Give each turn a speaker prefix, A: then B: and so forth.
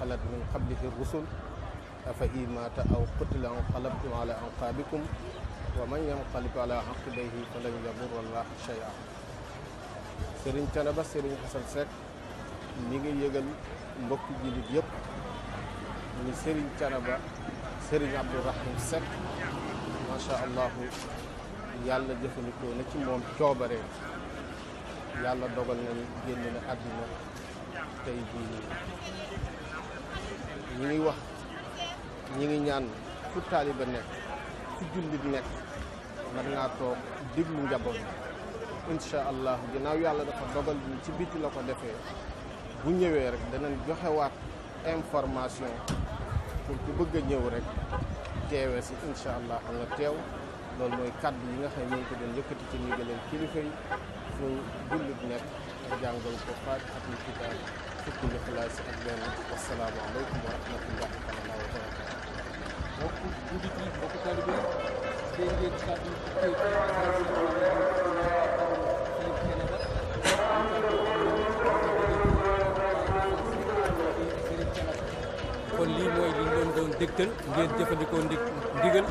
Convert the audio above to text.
A: xalat min qablihi rusul afa imaata aw qutila anqalabtum ala mi ngi yëgal mbokki jullit yëpp ni sëriñ Thiénaba sëriñ Abdourahim Seck macha allahu yàlla jëfandikoo na ci moom coobaree yàlla dogal na ni génn àddina tey jii ñi ngi wax ñu ngi ñaan fu taaliba nekk fu jullit nekk mën naa toog déglu njaboot bi incha allah ginnaaw yàlla dafa dogal bi ci biti la ko defee bu ñëwee rek danañ joxewaat information pour ku bëgg a ñëw rek teewee si incha allah nga teew loolu mooy kàddu yi nga xam ne ñu ngi ko doon
B: yëkkati ci ndigalal kilifa yi fu jullit nekk jàngal ko faaj ak ñu ci daal fukki lixlaas ak benn wasalaamaaleykum wa rahmatullahi kon lii mooy li ñu doon dégtal ngeen jëfandikoo ndigal